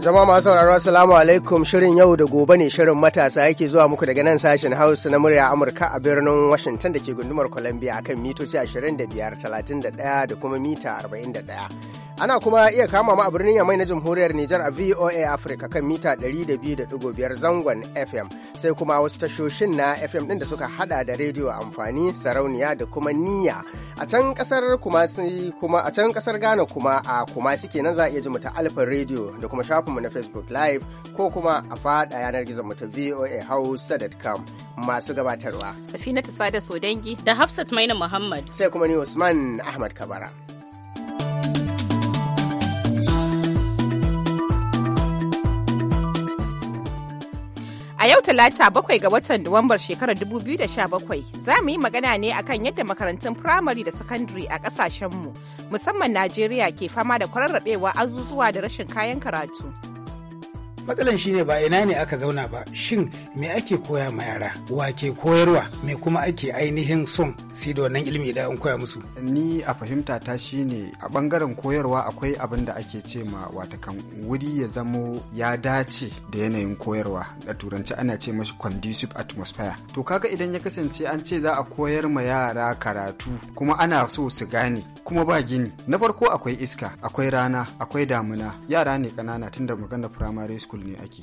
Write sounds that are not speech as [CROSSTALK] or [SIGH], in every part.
Zama masu sauraro Assalamu alaikum shirin yau da gobe ne shirin matasa yake zuwa muku daga nan sashen Hausa na murya Amurka a birnin Washington da ke gundumar Columbia akan mitoci 25, 31 da kuma mita 41. Ana kuma iya kama mu a birnin Yamai na Jamhuriyar Nijar a VOA Africa kan mita 200.5 zangon FM sai kuma wasu tashoshin na FM ɗin da suka hada da rediyo amfani sarauniya da kuma niyya. A can kasar kuma kuma a can kasar Ghana kuma a kuma suke nan za a iya ji mu ta Alfa Radio da kuma shafin mu na Facebook Live ko kuma a fada yanar gizon mu ta voahausa.com masu gabatarwa. Safina Sada Sodangi da Hafsat Maina Muhammad. Sai kuma ni Usman Ahmad Kabara. A yau talata bakwai ga watan Nuwambar shekarar 2017 za mu yi magana ne akan yadda makarantun firamare da sakandare a ƙasashenmu musamman Najeriya ke fama da kwararrabewa azuzuwa da rashin kayan karatu. matsalan shine ba ina ne aka zauna ba shin me ake koya ma yara wa ke koyarwa me kuma ake ainihin son sai da wannan ilimi da an koya musu ni a fahimta ta shine a bangaren koyarwa akwai abin da ake ce ma watakan wuri ya zamo ya dace da yanayin koyarwa da turanci ana ce mashi conducive atmosphere to kaga idan ya kasance an ce za a koyar ma yara karatu kuma ana so su gane kuma ba gini na farko akwai iska akwai rana akwai damuna yara ne kanana tun da maganar primary school kul ne ake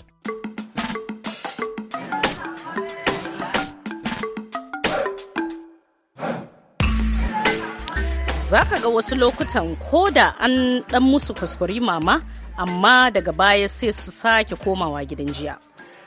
za ka ga wasu lokutan ko da an dan musu kuskuri mama amma daga baya sai su sake komawa gidan jiya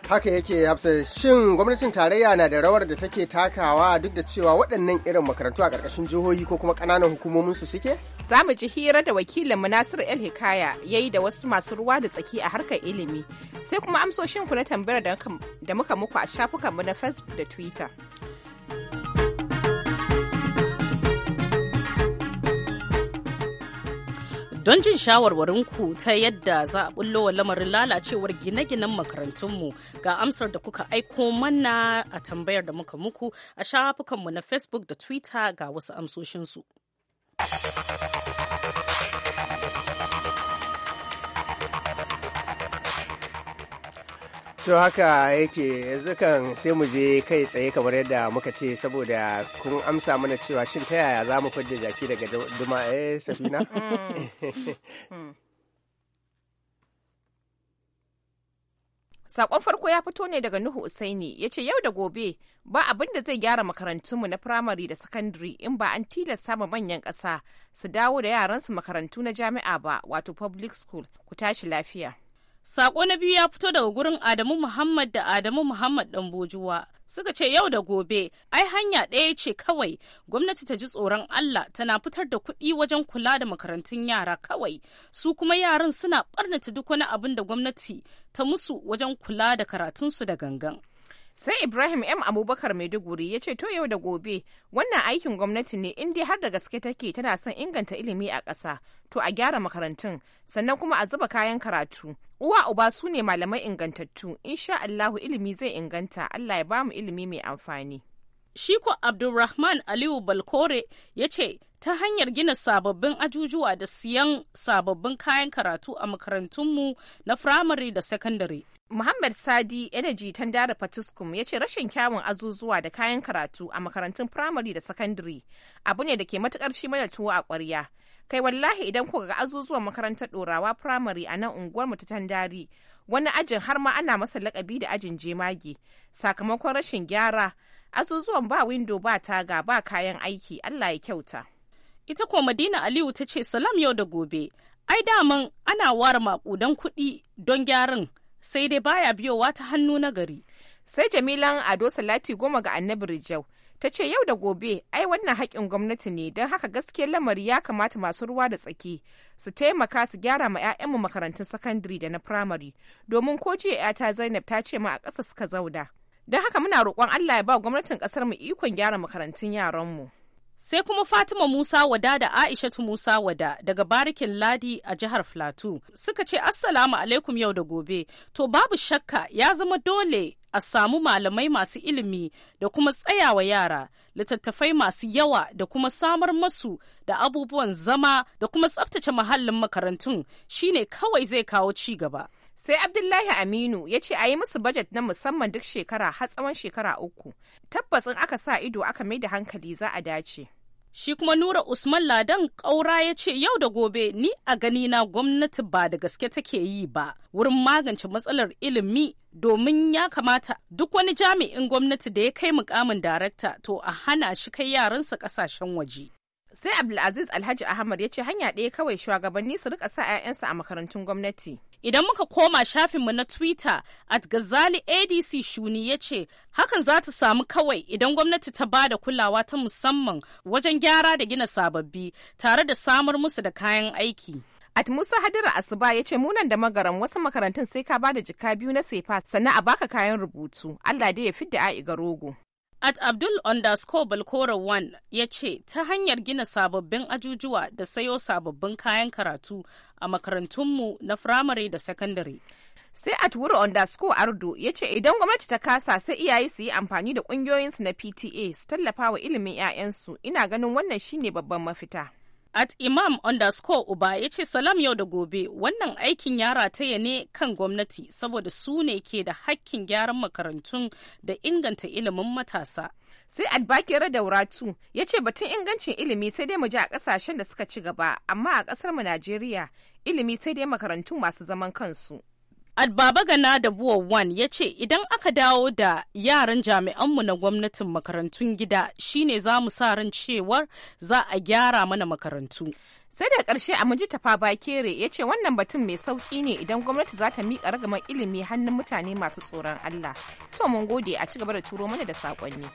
haka yake hafsa shin gwamnatin tarayya na da rawar da take takawa duk da cewa waɗannan irin makarantu a ƙarƙashin jihohi ko kuma ƙananan hukumomin su suke za mu ji hira da wakilin munasir el hikaya ya yi da wasu masu ruwa da tsaki a harkar ilimi sai kuma amsoshin ku na tambayar da muka muku a shafukanmu na facebook da twitter don jin shawarwarin ku ta yadda za a bullo wa lamarin lalacewar gine-ginen makarantunmu ga amsar da kuka aiko mana a tambayar da muka muku a shafukanmu na facebook da twitter ga wasu amsoshinsu. To haka yake yanzu kan sai mu je kai tsaye kamar yadda muka ce saboda kun amsa mana cewa shin ta yaya za mu fadda jaki daga duma eh safina? Mm. [LAUGHS] Mm. Sakon farko ya fito ne daga Nuhu Usaini ya ce yau da gobe ba abin da zai gyara makarantunmu na firamare da sakandare in ba an tilasta ma manyan ƙasa su dawo da yaransu makarantu na jami'a ba wato public school ku tashi lafiya. Sako na biyu ya fito daga gurin Adamu Muhammad da Adamu Muhammad ɗan Bojuwa. Suka ce yau da gobe, ai hanya ɗaya ce kawai gwamnati ta ji tsoron Allah tana fitar da kuɗi wajen kula da makarantun yara kawai, su kuma yaran suna ɓarnata duk wani abin da gwamnati ta musu wajen kula da karatunsu da gangan. sai ibrahim m abubakar maiduguri ya ce to yau da gobe wannan aikin gwamnati ne in har da gaske take tana son inganta ilimi a ƙasa to a gyara makarantun sannan kuma a zuba kayan karatu uwa uba su ne malamai ingantattu insha allahu ilimi zai inganta allah ya bamu ilimi mai amfani Shiko abdulrahman aliyu balkore ya ce ta hanyar gina sababbin ajujuwa da siyan sababbin kayan karatu a makarantunmu na firamare da sakandare Muhammad Sadi Energy Tandara Patuskum ya ce rashin kyawun azuzuwa da kayan karatu a makarantun firamare da sakandare abu ne da ke matukar shi mana tuwo a ƙwarya. Kai wallahi idan kuka ga azuzuwan makarantar ɗorawa firamare a nan unguwarmu ta Tandari, wani ajin har ma ana masa lakabi da ajin jemage sakamakon rashin gyara Azuzuwan ba windo ba taga ba kayan aiki Allah ya kyauta. Ita kuwa Madina Aliyu ta ce salam yau da gobe. Ai daman ana ware maƙudan kuɗi don gyaran sai dai baya biyowa ta hannu na gari. Sai Jamilan Ado Salati goma ga Annabi Rijau. ta ce yau da gobe ai wannan haƙƙin gwamnati ne don haka gaskiyar lamari ya kamata masu ruwa da tsaki su taimaka su gyara ma 'ya'yanmu makarantun sakandare da na firamare domin ko jiya 'yata zainab ta ce ma a ƙasa suka zauna Don haka muna roƙon Allah ya ba gwamnatin ƙasar mu ikon gyara makarantun yaran mu. Sai kuma Fatima Musa Wada da Aishatu Musa Wada daga Barikin Ladi a jihar Flatu suka ce Assalamu alaikum yau da gobe. To babu shakka ya zama dole a samu malamai masu ilimi da kuma tsayawa yara, littattafai masu yawa da kuma samar masu da abubuwan zama da kuma tsaftace muhallin makarantun shine kawai zai kawo ci gaba. sai abdullahi aminu ya ce a yi musu bajet na musamman duk shekara har tsawon shekara uku tabbas in aka sa ido aka mai da hankali za a dace shi kuma nura usman ladan ƙaura ya ce yau da gobe ni a gani na gwamnati ba da gaske take yi ba wurin magance matsalar ilimi domin ya kamata duk wani jami'in gwamnati da ya kai mukamin darakta to a hana shi kai yaransa kasashen waje sai abdulaziz alhaji ahmad ya ce hanya ɗaya kawai shugabanni su rika sa 'ya'yansa a makarantun gwamnati Idan muka koma shafinmu na Twitter, at Gazali ADC Shuni ya ce, hakan za ta samu kawai idan gwamnati ta ba da kulawa ta musamman wajen gyara da gina sababbi tare da samar musu da kayan aiki. At Musa Hadira Asuba ya ce munan da magaran wasu makarantun sai ka ba da jika biyu na sefa sannan a baka kayan rubutu. Allah dai ya fidda a'i ga rogo. At Abdul underscore Balkora 1 ya ce ta hanyar gina sababbin ajujuwa da sayo sababbin kayan karatu a makarantunmu na firamare da sakandare. Sai at wuri underscore ardo ya ce idan gwamnati ta kasa sai iyaye su yi amfani da kungiyoyinsu na PTA su tallafa wa ilimin 'ya'yansu ina ganin wannan shine babban mafita. at imam underscore uba ya ce salam yau da gobe wannan aikin ya ne kan gwamnati saboda su ne ke da hakkin gyaran makarantun da inganta ilimin matasa sai adbakira dauratu ya ce batun ingancin ilimi sai dai mu ji a kasashen da suka ci gaba amma a kasar mu najeriya ilimi sai dai makarantun masu zaman kansu Adbaba Gana da Buwa Wan ya ce idan aka dawo da yaran jami'anmu na gwamnatin makarantun gida shine za mu sa ran cewar za a gyara mana makarantu. Sai da ƙarshe a muji tafa bakere ya ce wannan batun mai sauki ne idan gwamnati za ta miƙa ragamar ilimi hannun mutane masu tsoron Allah. To mun gode a cigaba da turo mana da saƙonni.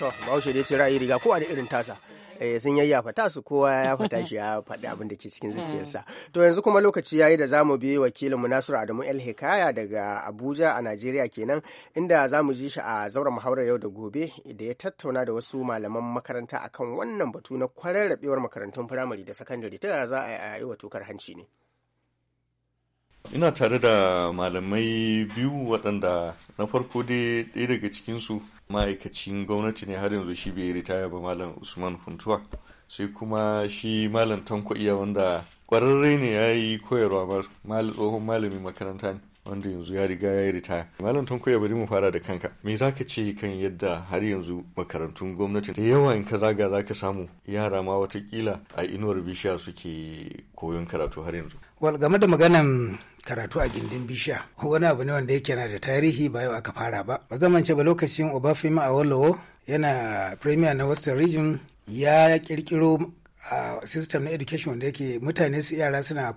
to bahaushe dai ce ra'ayi riga kowa da irin tasa Eh, sun fata su kowa ya fata [LAUGHS] shi ya faɗi abin da ke cikin zuciyarsa eh. to yanzu kuma lokaci yayi da zamu bi wakilinmu Nasiru Adamu El Hikaya daga Abuja a Najeriya kenan inda zamu ji shi a zauren muhawarar yau da gobe da ya tattauna da wasu malaman makaranta akan wannan batu na kwararrabewar makarantun firamare da sakandare ta za a yi wa tokar hanci ne ina tare da malamai biyu waɗanda na farko dai ɗaya daga cikinsu ma'aikacin gwamnati ne har yanzu shi bai yi ritaya ba malam usman funtuwa sai kuma shi malam tanko iya wanda kwararre ne ya yi koyarwa mal tsohon malamin makaranta ne wanda yanzu ya riga ya yi ritaya malam tanko iya bari mu fara da kanka me za ka ce kan yadda har yanzu makarantun gwamnati da yawa in ka zaga za ka samu yara ma watakila a inuwar bishiya suke koyon karatu har yanzu wal game da maganan karatu a gindin bishiya wani abu ne wanda yake na da tarihi ba yau aka fara ba ba zaman ce ba lokacin obafemi a walowo yana premier na western region ya kirkiro a system na education da yake mutane su yara suna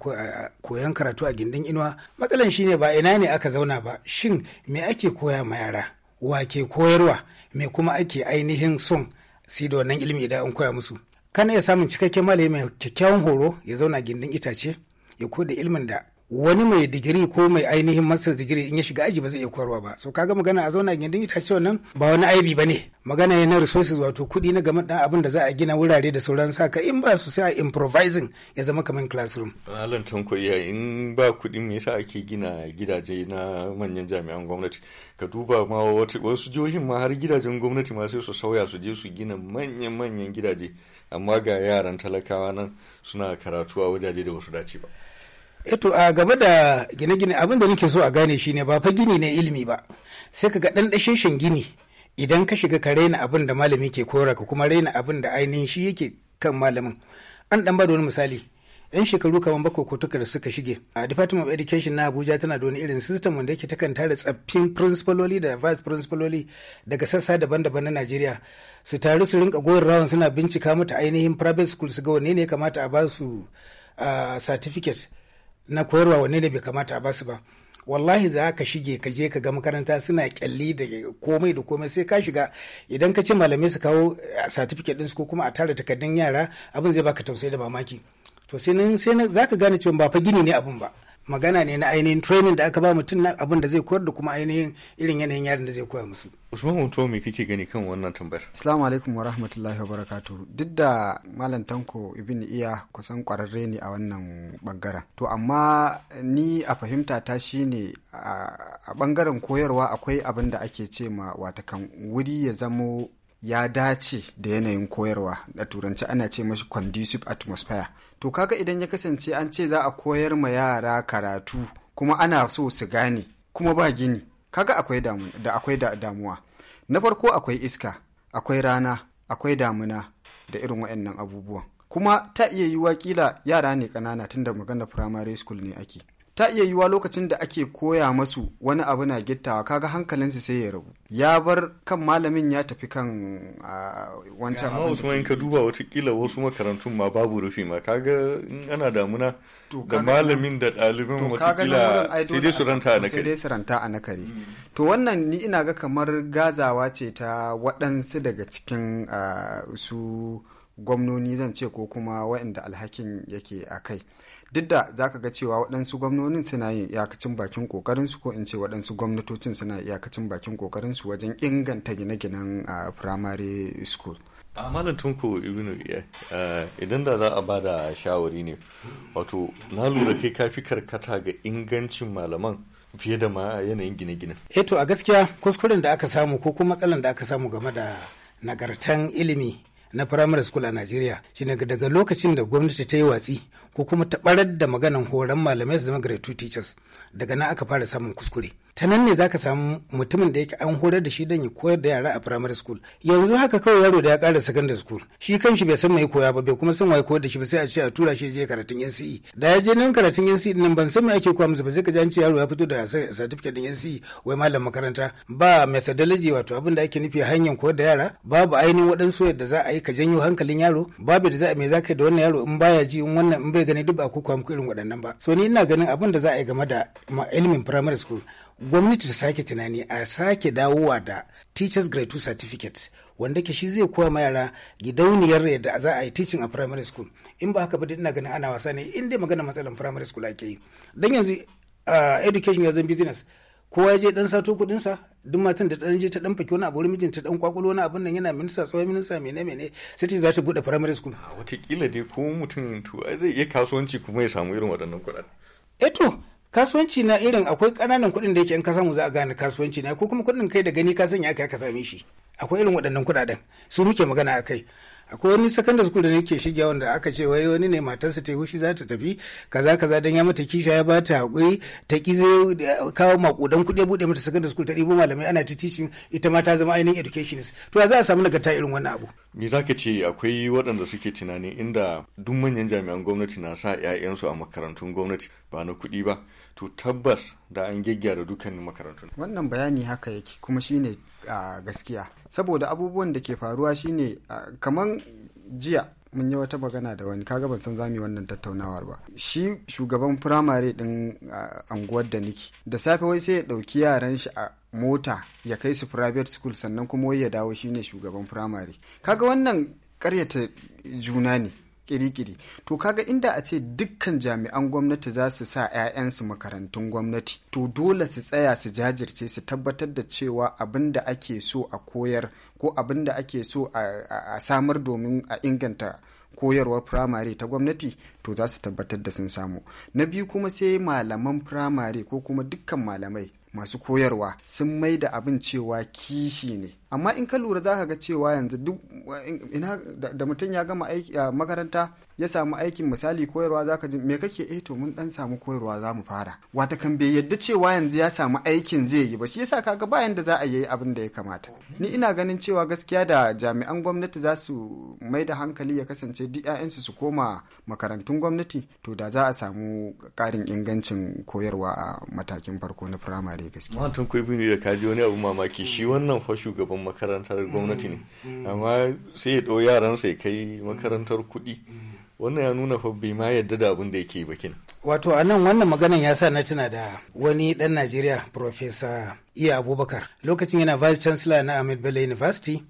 koyon karatu a gindin inuwa matsalan shine ba ina ne aka zauna ba shin me ake koya ma yara wa ke koyarwa me kuma ake ainihin son si da wannan ilimi idan an koya musu kana ya samun cikakken malami mai kyakkyawan horo ya zauna gindin itace ya da ilmin da wani mai digiri ko mai ainihin master digiri in ya shiga aji ba zai iya koyarwa ba so kaga magana a zauna gindin ita ce wannan ba wani aibi ba ne magana ne na resources wato kuɗi na gama dan abin da za a gina wurare da sauran saka in ba su sai improvising ya zama kamar classroom alan tanko ya in ba kuɗi me yasa ake gina gidaje na manyan jami'an gwamnati ka duba ma wasu jihohin ma har gidajen gwamnati ma sai su sauya su je su gina manyan manyan gidaje amma ga yaran talakawa nan suna karatu a wajaje da wasu dace ba Eto eh a gaba da gine-gine abin da nake so a gane shi ne ba fa gini ne ilimi ba sai ka ga ɗan gini idan ka shiga ka raina abin da malami ke kora ka kuma raina abin da ainihin shi yake kan malamin an ɗan ba da wani misali yan shekaru kamar bako ko da suka shige a department of education na abuja tana da wani irin system wanda yake takan tare tsaffin principaloli da vice principaloli daga sassa daban-daban na najeriya su taru su rinka goyon rawan suna bincika mata ainihin private school su ga wanne ne kamata a ba su certificate na koyarwa wanne da bai kamata ba su ba wallahi za ka shige ka je ka ga makaranta suna kyalli da komai da komai sai ka shiga idan ka ce malamai su kawo eh, certificate ɗinsu ko kuma a tara takardun yara abin zai baka tausayi da mamaki to sai nan za ka gane cewa ba fa gini ne abin ba magana ne na ainihin training da aka ba mutum na abin da zai koyar da kuma ainihin irin yanayin yarin da zai koya musu. Usman Hoto me kake gani kan wannan tambayar? Assalamu alaikum wa rahmatullahi wa barakatu. Duk da Malam Tanko Ibn Iya kusan kwararre ne a wannan bangaren. To amma ni a fahimta ta shine a bangaren koyarwa akwai abin da ake ce ma watakan wuri ya zamo ya dace da yanayin koyarwa da turanci ana ce mashi conducive atmosphere to kaga idan ya kasance an ce za a koyar ma yara karatu kuma ana so su gane kuma ba gini kaga akwai da akwai damuwa na farko akwai iska akwai rana akwai damuna da irin waɗannan abubuwan kuma ta iya yiwuwa kila yara ne ƙanana tunda magana primary school ne ake ta iya yiwa lokacin da ake koya masu wani abu na gittawa kaga hankalinsu sai ya rabu ya bar kan malamin ya tafi kan ah, wancan abin wasu in ka duba watakila wasu makarantun ma babu rufi ma kaga in ana damuna da malamin da ɗaliban watakila sai dai su ranta a nakare sai dai a to wannan ni ina ga kamar gazawa ce ta waɗansu daga cikin ah, su gwamnoni zan ce ko kuma waɗanda alhakin yake a kai duk da za ka ga cewa waɗansu gwamnonin suna yin iyakacin bakin ƙoƙarinsu ko in ce waɗansu gwamnatocin suna iyakacin bakin ƙoƙarinsu wajen inganta gine-ginen a primary school a malam tunko ibnu eh, eh, idan da za a ba da shawari ne wato na lura kai kafi karkata ga ingancin malaman fiye da ma yanayin gine-ginen eto eh, a gaskiya kuskuren da aka samu ko kuma matsalar da aka samu game da nagartan ilimi na firamare school a Najeriya shi ne daga lokacin da gwamnati ta yi watsi ko kuma ta barar da maganan horon malamai su zama grade 2 teachers daga nan aka fara samun kuskure ta nan ne zaka samu mutumin da yake an horar da shi don ya koyar da yara a primary school yanzu haka kawai yaro da ya ƙara secondary school shi kanshi bai san mai koya ba bai kuma san waye koyar da shi ba sai a ce a tura shi je karatun NCE da ya je nan karatun NCE din ban san me ake koya masa ba sai ka ji an ce yaro ya fito da certificate din NCE wai malam makaranta ba methodology wato abin da ake nufi hanyar koyar da yara babu ainihin waɗansu yadda za a yi ka janyo hankalin yaro babu da za a me za ka da wannan yaro in baya ji in wannan in bai gani duk ba ku koya irin waɗannan ba so ni ina ganin abin da za a yi game da ilimin primary school gwamnati ta sake tunani a sake dawowa da teachers grade 2 certificate wanda ke shi zai koya ma yara gidauniyar yadda za a yi teaching a primary school in ba haka ba ina ganin ana wasa ne in dai magana matsalan primary school ake yi dan yanzu education ya zan business kowa ya je dan sato kudin sa duk matan da dan je ta dan fake wani abu mijin ta dan kwakulo wani abun nan yana minista tsohon minista mene mene sai ta za ta bude primary school wata kila dai ko mutum to zai iya kasuwanci kuma ya samu irin waɗannan kuɗaɗe eh kasuwanci na irin akwai ƙananan kuɗin da yake in ka samu za a gane kasuwanci na ko kuma kuɗin kai da gani ka sanya aka ka same shi akwai irin waɗannan kuɗaɗen su muke magana a kai akwai wani secondary school da nake shiga wanda aka ce wai wani ne matarsa ta hushi za ta tafi kaza kaza dan ya mata kisha ya bata hakuri ta ki zai kawo makudan kuɗi buɗe mata secondary school ta ɗibo malamai ana ta teaching ita ma ta zama ainihin educationist to za a samu ta irin wannan abu ni za ka ce akwai waɗanda suke tunani inda duk manyan jami'an gwamnati na sa 'ya'yansu a makarantun gwamnati ba na kuɗi ba to tabbas da an gyaggyara dukkanin makarantun wannan bayani haka yake kuma shine a ah, gaskiya saboda abubuwan da ke faruwa shine ah, kamar jiya mun yi wata magana da wani kaga ban san zami wannan tattaunawar ba shi shugaban firamare din anguwar da niki da safe wai sai ya dauki yaran shi a mota ya kai su private school sannan kuma wai ya dawo shi ne shugaban firamare kaga wannan karyata juna ne kirikiri to kaga inda a ce dukkan jami'an gwamnati za su sa 'ya'yansu makarantun gwamnati to dole su tsaya su jajirce su tabbatar da cewa abin da ake so a koyar ko abin da ake so a samar domin a inganta koyarwar firamare ta gwamnati to za su tabbatar da sun samu na biyu kuma sai malaman firamare ko kuma dukkan malamai masu koyarwa sun mai da abin cewa kishi ne amma in ka lura zaka ga cewa yanzu duk ina da mutum ya gama makaranta ya samu aikin misali koyarwa za ji me kake eh to mun dan samu koyarwa za mu fara wata kan bai yadda cewa yanzu ya samu aikin zai yi ba shi yasa kaga ba yanda za a yi abin da ya kamata ni ina ganin cewa gaskiya da jami'an gwamnati za su mai da hankali ya kasance duk ƴaƴansu su koma makarantun gwamnati to da za a samu karin ingancin koyarwa a matakin farko na firamare gaskiya. Matan kwaibi ne ya kaji wani abu mamaki shi wannan fa shugaban makarantar mm-hmm. gwamnati ne mm-hmm. amma sai ya ɗau yaransa ya kai makarantar kuɗi mm-hmm. wannan ya nuna fa bai ma yadda da abin da yake ba kin wato a nan wannan maganan ya sa na tuna da wani ɗan najeriya professor iya abubakar lokacin yana vice chancellor na ahmed bello university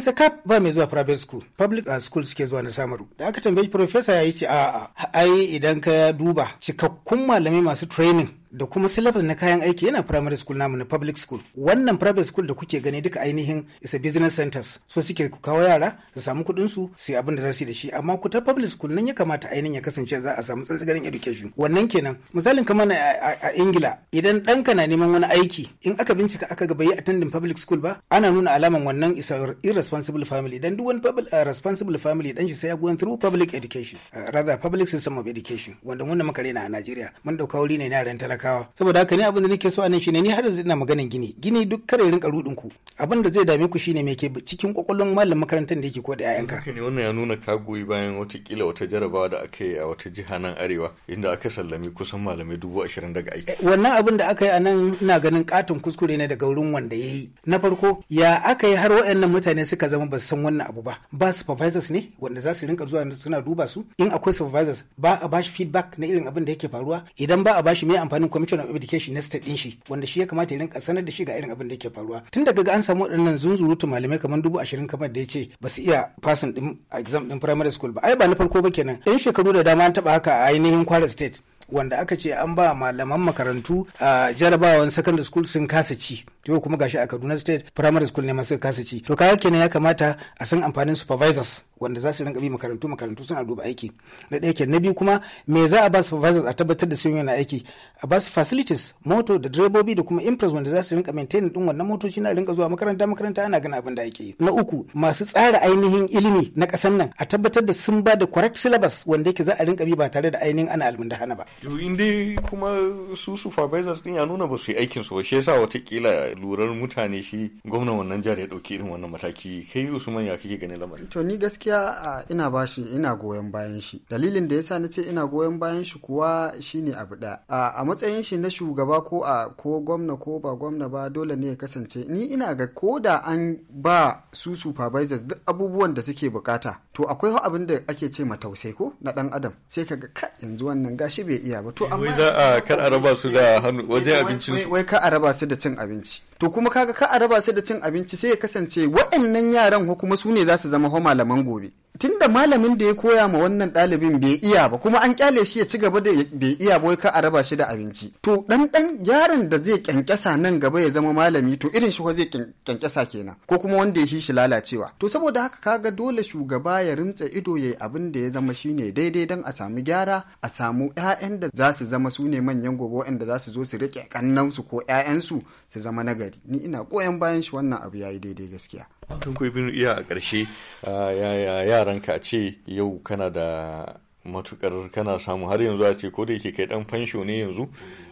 sa kaf ba mai zuwa private school public uh, school suke zuwa na samaru da aka tambayi profesa ya yi ce a'a ai idan ka duba cikakkun malamai masu training da kuma syllabus na kayan aiki yana primary school namu na public school wannan private school da kuke gani duka ainihin is a business centers so suke ku kawo yara su samu kuɗin su sai abin da za su yi da shi amma ku ta public school nan ya kamata ainihin ya kasance za a samu tsantsagarin education wannan kenan misalin kamar a ingila idan ɗanka na neman wani aiki in aka bincika aka ga bai yi attending public school ba ana nuna alaman wannan isa irresponsible family dan duk wani responsible family dan shi sai ya goyon through public education rather public system of education wanda wannan makare na a Najeriya mun dauka wuri ne na yaran talaka talakawa saboda haka ne abin da nake so a nan shine ni har yanzu ina maganan gini gini duk kare rinka rudin ku abin da zai dame ku shine me ke cikin kwakwalwar malam makarantar da yake ko da yayanka kake ne wannan ya nuna ka goyi bayan watakila wata jarabawa da aka yi a wata jiha nan arewa inda aka sallami kusan malamai dubu ashirin daga aiki eh, wannan abin da aka yi a nan ina ganin katon kuskure ne daga wurin wanda ya yi na farko ya aka yi har waɗannan mutane suka zama ba san wannan abu ba ba supervisors ne wanda za su rinka zuwa suna duba su in akwai supervisors ba a bashi feedback na irin abin da yake faruwa idan ba a bashi me amfanin commission of education na state din shi wanda shi ya kamata ya rinka sanar da shi ga irin abin da yake faruwa tun daga an samu waɗannan zunzurutu malamai kamar dubu ashirin kamar da ya ce ba su iya fasin din exam din primary school ba ai ba na farko ba kenan yan shekaru da dama an taɓa haka a ainihin kwara state wanda aka ce an ba malaman makarantu a jarabawan secondary school sun kasa ci yau kuma gashi a Kaduna State Primary School ne masu kasa ci to kaga kenan ya kamata a san amfanin supervisors wanda za su rinka bi makarantu makarantu suna duba aiki na ɗaya kenan na biyu kuma me za a ba supervisors a tabbatar da sun yana aiki a ba su facilities moto da direbobi da kuma impress wanda za su rinka maintain din wannan motoci na rinka zuwa makaranta makaranta ana gana abin da ake yi na uku masu tsara ainihin ilimi na ƙasar nan a tabbatar da sun ba da correct syllabus wanda yake za a rinka bi ba tare da ainihin ana hana ba. in dai kuma su supervisors din ya nuna ba su yi su ba shi yasa watakila lurar mutane shi gwamnan wannan jihar ya ɗauki irin wannan mataki kai usman ya kake ganin lamarin to ni gaskiya ina bashi ina goyon bayan shi dalilin da yasa nace ina goyon bayan shi kuwa shine abu da a matsayin shi na shugaba ko a ko gwamna ko ba gwamna ba dole ne ya kasance ni ina ga ko da an ba su supervisors duk abubuwan da suke bukata to akwai abin da ake ce ma matausai ko na dan adam sai kaga ka yanzu wannan gashi bai iya ba to amma wai za a kar a su da hannu wajen abincin wai ka a raba su da cin abinci to kuma kaga ka a raba su da cin abinci sai ya kasance waɗannan yaran kuma su ne za su zama ho malaman gobe tunda malamin da ya koya ma wannan ɗalibin bai iya ba kuma an kyale shi ya ci gaba da bai iya ba ka a raba shi da abinci to ɗanɗan ɗan yaron da zai kyankyasa nan gaba ya zama malami to irin shi zai kyankyasa kenan ko kuma wanda ya shi lalacewa to saboda haka kaga dole shugaba ya rimtsa ido yayi abin da ya zama shine daidai dan a samu gyara a samu ƴaƴan da za su zama sune manyan gobe waɗanda za su zo su riƙe su ko ƴaƴansu su zama nagari ni ina koyan bayan shi wannan abu yayi daidai gaskiya Tun ku binu iya a ƙarshe yaranka ce yau kana da matukar kana samu har yanzu a ce ko da yake kai ɗan fansho ne yanzu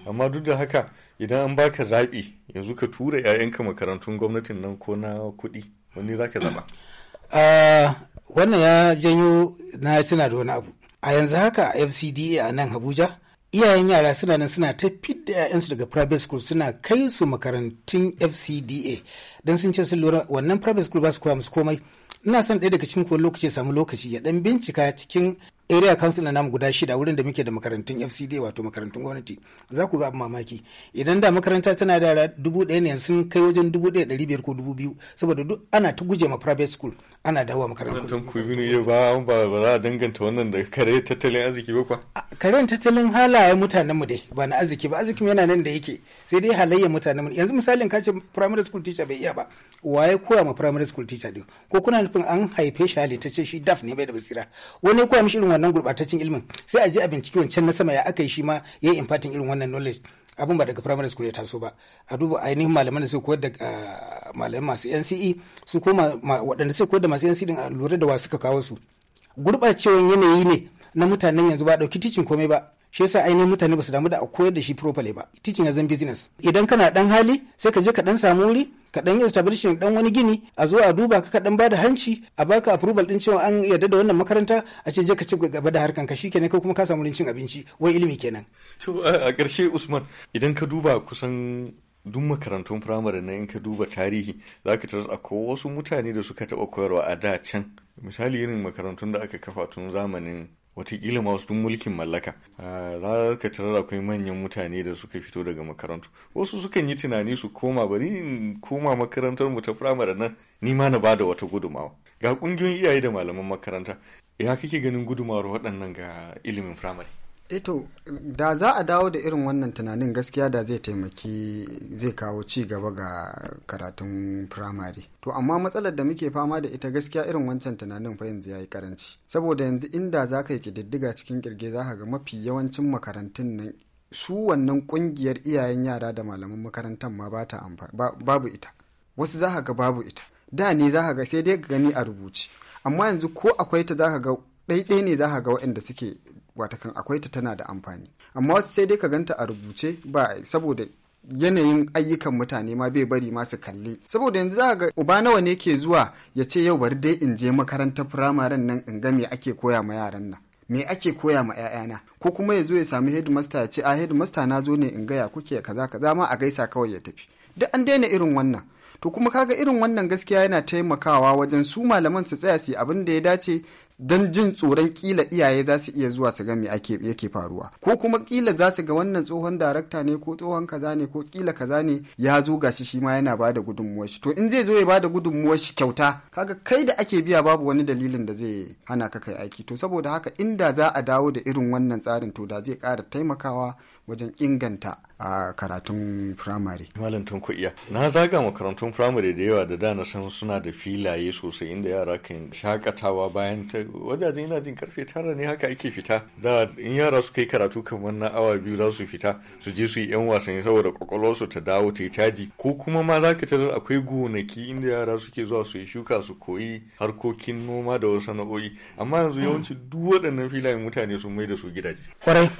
amma duk da haka idan an baka zaɓi yanzu ka tura 'ya'yanka makarantun gwamnatin nan ko na kuɗi wani za ka zama. [CLEARS THROAT] wannan ya janyo na tuna da wani abu a yanzu haka fcda a nan abuja iyayen yara suna nan suna ta fidda 'ya'yansu daga private school suna kai su makarantun fcda don sun ce sun lura wannan private school ba su koya musu komai ina son ɗaya daga cikin kowa lokaci ya samu lokaci ya ɗan bincika cikin area council na namu guda shida wurin da muke da makarantun fcd wato makarantun gwamnati za ku ga abin mamaki idan da makaranta tana da yara dubu ɗaya ne sun kai wajen dubu ɗaya ɗari biyar ko dubu biyu saboda duk ana ta guje ma private school ana dawowa makarantun ku binu ba ba ba za a danganta wannan da kare tattalin arziki ba kwa karen tattalin halayen mutanen mu dai ba na arziki ba arzikin yana nan da yake sai dai halayyar mutanen mu yanzu misalin ka ce primary school teacher bai iya ba waye koya ma primary school teacher din ko kuna nufin an haife shi halittacce shi daf ne bai da basira wani koya mishi irin wannan gurbataccen ilimin sai a je a binciki wancan na sama ya aka yi shi ma ya yi imfatin irin wannan knowledge abin ba daga primary school ya taso ba a duba ainihin malaman da suka koyar da ah, malaman masu NCE su koma waɗanda suka koyar da masu NCE din a lura da wa suka kawo su gurɓacewan yanayi ne na mutanen yanzu ba ɗauki ticin komai ba shi yasa ainihin mutane ba su damu da a koyar da shi properly ba teaching as a business idan kana dan hali sai ka je ka dan samu wuri ka dan establishing dan wani gini a zo a duba ka dan bada hanci a baka approval din cewa an yarda da wannan makaranta a ce je ka ci gaba da harkan ka shi shikenan kai kuma ka samu cin abinci wai ilimi kenan to a ƙarshe Usman idan ka duba kusan duk makarantun firamare na in ka duba tarihi za ka tarar akwai wasu mutane da suka taɓa koyarwa a da can misali irin makarantun da aka kafa tun zamanin watakila masu dun mulkin mallaka za ka tarar akwai manyan mutane da suka fito daga makarantu wasu sukan yi tunani su koma bari in koma makarantar mu ta firamare nan ni ma na bada wata gudumawa ga kungiyoyin iyaye da malaman makaranta ya kake ganin gudumawar waɗannan ga ilimin firamare Eto, eh da za a dawo da irin wannan tunanin gaskiya da zai taimaki zai kawo ci gaba ga karatun firamare. To, amma matsalar da muke fama da ita gaskiya irin wancan tunanin fa yanzu ya yi karanci. Saboda yanzu inda za ka yi kididdiga cikin kirge za ka ga mafi yawancin makarantun nan su wannan kungiyar iyayen yara da malaman makarantar ma ba ta babu ita. Wasu za ka ga babu ita. Da ne za ka ga sai dai gani a rubuce. Amma yanzu ko akwai ta za ka ga ɗaiɗai ne za ka ga waɗanda suke watakan akwai ta tana da amfani amma wasu sai dai ka ganta a rubuce ba saboda yanayin ayyukan mutane ma bai bari masu kalli saboda yanzu za ga uba nawa ne ke zuwa ya ce yau bari dai in je makarantar firamaren nan in ga me ake koya ma yaran nan me ake koya ma 'ya'yana ko kuma ya zo ya samu headmaster ya ce a headmaster na zo ne in gaya kuke kaza kaza ma a gaisa kawai ya tafi duk an daina irin wannan to kuma kaga irin wannan gaskiya yana taimakawa wajen su malaman su tsaya su abin da ya dace don jin tsoron kila iyaye za su iya zuwa su ga me ake yake faruwa ko kuma kila za su ga wannan tsohon darakta ne ko tsohon kaza ne ko kila kaza ne ya zo gashi shi ma yana bada gudunmuwar shi to in zai zo ya bada gudunmuwar shi kyauta kaga kai da ake biya babu wani dalilin da zai hana ka kai aiki to saboda haka inda za a dawo da irin wannan tsarin to da zai kara taimakawa wajen inganta a karatun firamare. Malam Na zaga makarantun firamare da yawa da da na san suna da filaye sosai inda yara kan shakatawa bayan ta wajajen ina jin karfe tara ne haka ake fita. Da in yara suka yi karatu kamar na awa biyu za su fita su je su yi yan wasanni saboda su ta dawo ta yi caji. Ko kuma ma za ka tarar akwai gonaki inda yara suke zuwa su yi shuka su koyi harkokin noma da wasu sana'o'i. Amma yanzu yawanci duk waɗannan filayen mutane sun mai da su gidaje. Kwarai.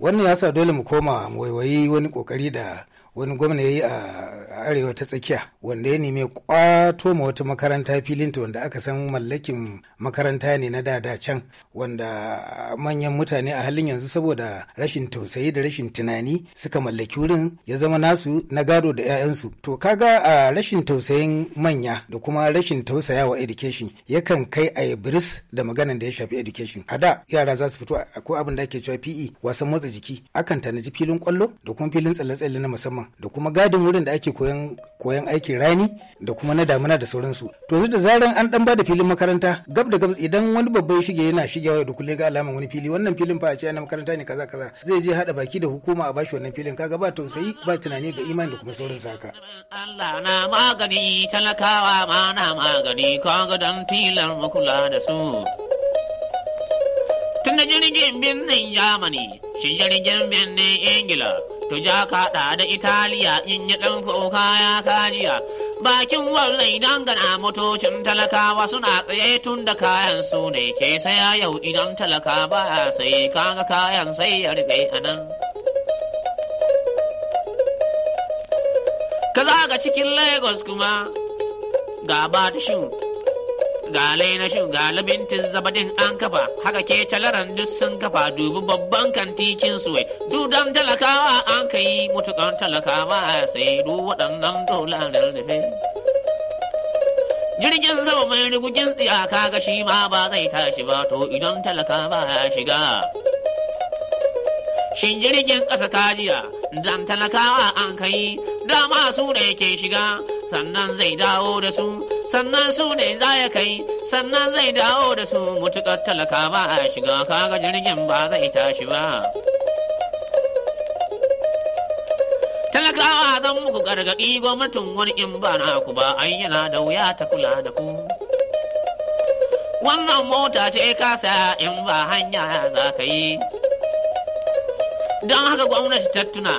wannan ya sa dole mu koma mu waiwayi wani kokari da wani gwamna ya yi a arewa ta tsakiya wanda ya nemi kwato ma wata makaranta filinta wanda aka san mallakin makaranta ne na dada can wanda manyan mutane a halin yanzu saboda rashin tausayi da rashin tunani suka mallaki wurin ya zama nasu na gado da 'ya'yansu to kaga a rashin tausayin manya da kuma rashin tausayawa education yakan kai a biris da maganan da ya shafi education a da yara za su fito ko abin da ake cewa pe wasan motsa jiki akan tanaji filin kwallo da kuma filin tsalle-tsalle na musamman da kuma gadin wurin da ake koyan aikin rani da kuma na damuna da sauransu to da zaran an dan bada filin makaranta gab da gab idan wani babban shige yana shigewa da kulle ga alaman wani fili wannan filin fa a ce na makaranta ne kaza kaza zai je hada baki da hukuma a bashi wannan filin kaga ba tausayi ba tunani ga imani da kuma sauransu haka Allah na magani talakawa ma na magani kaga dan tilar makula da su tun da jirgin birnin Yamani, shi jirgin birnin Ingila, tuja kaɗa da italiya in yi ɗan kuka ya kajiya bakin wallai dangana motocin talakawa suna tsaye tun da kayan su ne ke saya yau idan talaka ba sai kaga kayan sai ya rufe a nan ka cikin lagos kuma ga batishin ga na shi ga labintin zabadin an kafa haka ke calaran duk sun kafa dubi babban kin su dudan talakawa an ka yi mutukan talakawa sai du waɗannan dolarar da jirgin sama mai rigugin tsiyaka ga shi ma ba zai tashi ba to idan talaka ba ya shiga shin jirgin ƙasa kajiya dan talakawa an kai dama su da yake shiga sannan zai dawo da su sannan su ne za ya kai sannan zai dawo da su mutuƙar talaka ba a shiga kaga jirgin ba zai tashi ba talakawa zan muku gargaɗi gwamnatin wani in ba na ku ba ai yana da wuya ta kula da ku wannan mota ce ka saya in ba hanya za ka yi don haka gwamnati ta tuna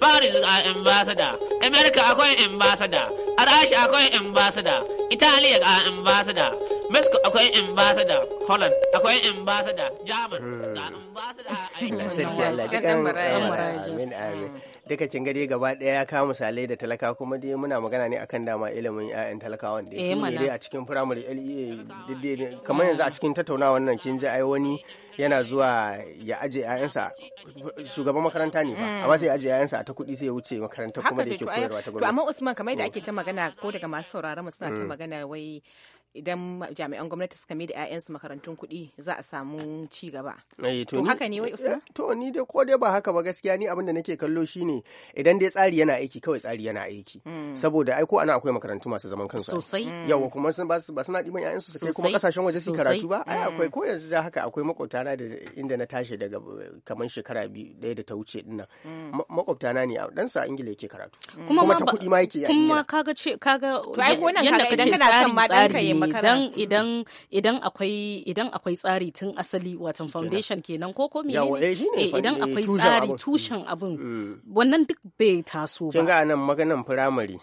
Paris a embassada America akwai hmm. ambassador, a akwai [LAUGHS] ambassador, Italiya a embassada Mexico akwai embassada Holland akwai embassada German ga ambassador a Ingila. duka kin gari gaba daya ya kawo misalai da talaka kuma dai muna magana ne akan dama ilimin ƴaƴan talakawan da yake eh, dai a cikin primary LEA kamar yanzu a cikin tattaunawa wannan kin ji ai wani yana zuwa ya aje 'ya'yansa shugaban makaranta ne ba mm. amma sai ya aje 'ya'yansa a ta kuɗi sai ya wuce makaranta kuma da yake koyarwa ta gwamnati to amma Usman kamar da mm. ake ta magana ko daga masu sauraron mu suna ta mm. magana wai idan jami'an gwamnati suka mai da 'ya'yansu makarantun kuɗi za a samu ci gaba. Eh, to haka ne wai usa? Eh, to ni da ko dai ba haka ba gaskiya ni abin da nake kallo shine idan dai tsari yana aiki kawai tsari yana aiki. Hmm. Saboda ai ko ana akwai makarantu masu zaman kansu. Sosai. Hmm. Yawa kuma sun ba suna ɗiban 'ya'yansu su kai kuma kasashen waje su karatu ba. Ai akwai hmm. ko yanzu za haka akwai na da inda na tashi daga kamar shekara biyu ɗaya da ta wuce ɗin nan. na ne a ɗansa a Ingila yake karatu. Kuma ta kuɗi ma yake yi. Kuma kaga ce kaga yadda kace tsarin tsarin idan idan idan akwai idan akwai tsari tun asali watan foundation kenan ko komi ne eh, eh, idan eh, akwai tsari tushen abin mm. wannan duk bai taso ba kin ga nan maganan firamare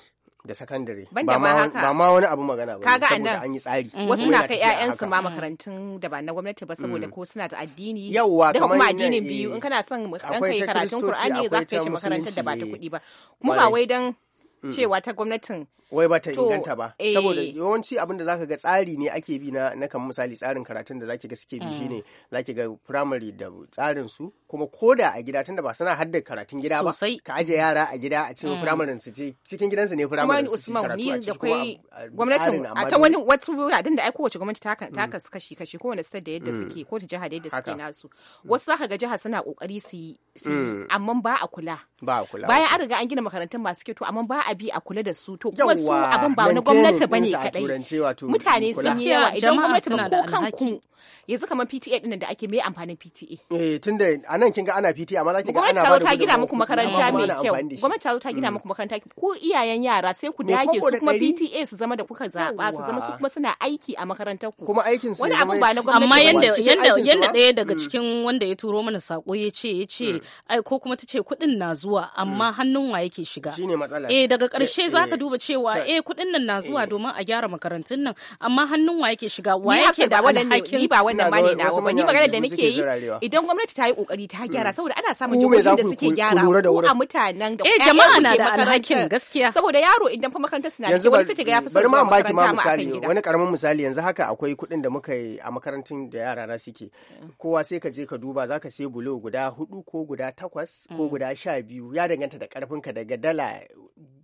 da sakandare ba ma wani abu magana ba kaga anan an yi tsari mm-hmm. wasu na kai ƴaƴansu ma makarantun da ba na gwamnati ba saboda mm. ko suna da addini yawa da kuma addinin biyu in kana son in kai karatun Qur'ani za ka kai shi makarantar da ba ta kuɗi ba kuma ba wai dan cewa ta gwamnatin wai ba ta inganta ba eh. saboda yawanci abin da zaka ga tsari ne ake bi na na kan misali tsarin karatun da zaki ga suke bi mm. shine zaki ga primary da tsarin su kuma koda a gida tunda ba suna hadda karatun gida ba ka aje yara a gida a cikin mm. primary su ce cikin gidansu ne primary su karatu a cikin kuma gwamnatin a ta wani wasu wuraren da aiko wace gwamnati ta ka mm. kashi kashi kowane state da yadda suke ko ta jiha da yadda suke nasu wasu zaka ga jiha suna kokari su yi amma ba a kula ba a kula bayan an riga an gina makarantun masu kyau to amma ba a bi a kula da su to kuma su abin ba wani gwamnati ba ne kadai mutane sun yi yawa idan gwamnati ba ko kanku yanzu kamar PTA din da ake mai amfanin PTA eh tunda anan kin ga ana PTA amma zaki ga ana ba ta gina muku makaranta mai kyau gwamnati ta zo ta gina mm. muku makaranta ku iyayen yara sai ku dage su kuma PTA su zama da kuka zaba su zama su kuma suna aiki a makarantar ku kuma aikin su wani abin ba na gwamnati amma yanda yanda yanda daya daga mm. cikin wanda ya turo mana sako ya ce ya ce mm. ai ko kuma ta ce kuɗin na zuwa amma hannun wa yake shiga shine matsala eh daga eh, ƙarshe eh, za ka duba cewa eh kuɗin nan na eh. zuwa domin a gyara makarantun nan amma hannun wa yake shiga wa yake da alhakin ni ba wannan bane na ba ni magana da nake yi idan gwamnati ta yi kokari ta hmm. gyara saboda ana samun jihohin da suke gyara ko a mutanen da eh jama'a na da alhakin gaskiya saboda yaro idan fa makarantar suna da wani suke ga ya fi bari ma baki ma misali wani karamin misali yanzu haka akwai kuɗin da muka yi a makarantun da yara na suke kowa sai ka je ka duba za ka sai bulo guda hudu ko guda takwas ko hmm. guda sha biyu ya danganta da karfinka daga dala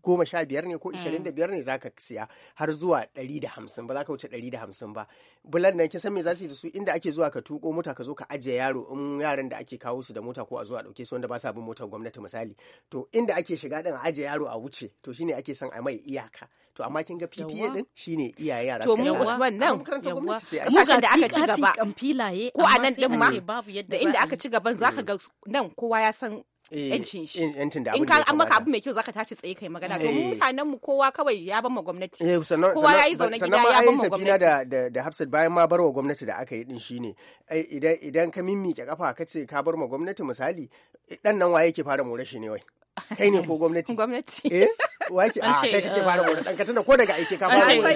goma sha biyar ne ko ishirin da biyar ne za ka siya har zuwa ɗari da hamsin ba za ka wuce ɗari da hamsin ba bulan nan kisan me za su yi da su inda ake zuwa ka tuko mota ka zo ka ajiye yaro in yaran da ake kawo su da mota ko a zuwa ɗauke su wanda ba sa bin motar gwamnati misali to inda ake shiga ɗin a ajiye yaro a wuce to shine ake son a mai iyaka to amma kin ga PTA din shine iyaye yara to mu Usman nan kasashen da aka ci gaba ko a nan din ma da inda aka ci gaban zaka ga nan kowa ya san Eh, yancin shi in ka an maka abu mai kyau zaka tashi tsaye kai magana domin eh. mutanen mu kowa kawai ya ban ma gwamnati eh, kowa ya yi zaune gida ya ban ma gwamnati Sannan da da, da Hafsat bayan ma barwa gwamnati da aka yi din shine idan idan ka mimmike kafa ka ce ka bar ma gwamnati misali dan nan waye ke fara more shi ne wai kai ne ko gwamnati [LAUGHS] gwamnati eh wake a ah, kai kake fara mura dan ka tunda ko daga aike ka fara mura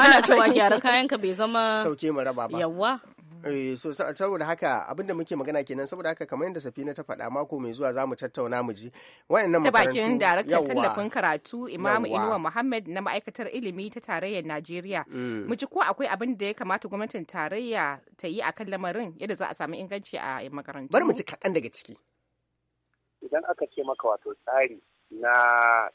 ana cewa gyara kayan ka bai zama sauke mu raba ba yawa Eh, so saboda haka abinda muke magana kenan saboda haka kamar yadda Safina ta faɗa mako mai zuwa zamu tattauna mu ji wayannan makarantu da bakin tallafin karatu Imam Inuwa Muhammad na ma'aikatar ilimi ta tarayyar Najeriya mm. mu ji ko akwai abin da ya kamata gwamnatin tarayya ta yi akan lamarin yadda za a samu inganci a makarantu bari mu ji kaɗan daga ciki idan aka ce maka wato tsari na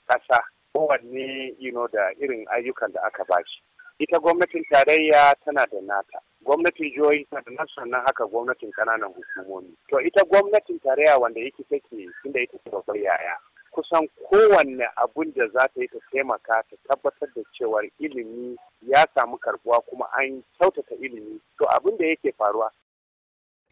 ƙasa kowanne you da irin ayyukan da aka bashi ita gwamnatin tarayya tana da nata gwamnatin jihohi tana da nasu sannan haka gwamnatin kananan hukumomi to ita gwamnatin tarayya wanda yake take inda ita ce babbar yaya kusan kowanne abun da za ta yi ta taimaka ta tabbatar da cewar ilimi ya samu karbuwa kuma an kyautata ilimi to abin da yake faruwa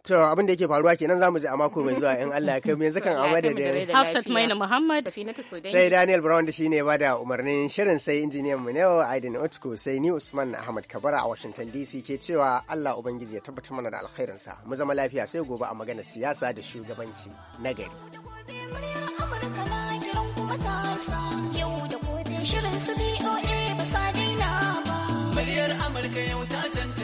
To abin da yake faruwa kenan zamu je a mako mai zuwa in Allah ya kai mu yanzu kan [LAUGHS] amadu da Hafsat Maina Muhammad sai Daniel Brown da shine ne bada umarnin shirin sai injiniyan mu ne Aiden Otko sai ni Usman Ahmad Kabara a Washington DC ke cewa Allah ubangiji ya tabbatar mana da alkhairin sa mu zama lafiya sai gobe a magana siyasa da shugabanci na gari shirin su BOA ba sa daina ba. Muryar Amurka yau ta canza.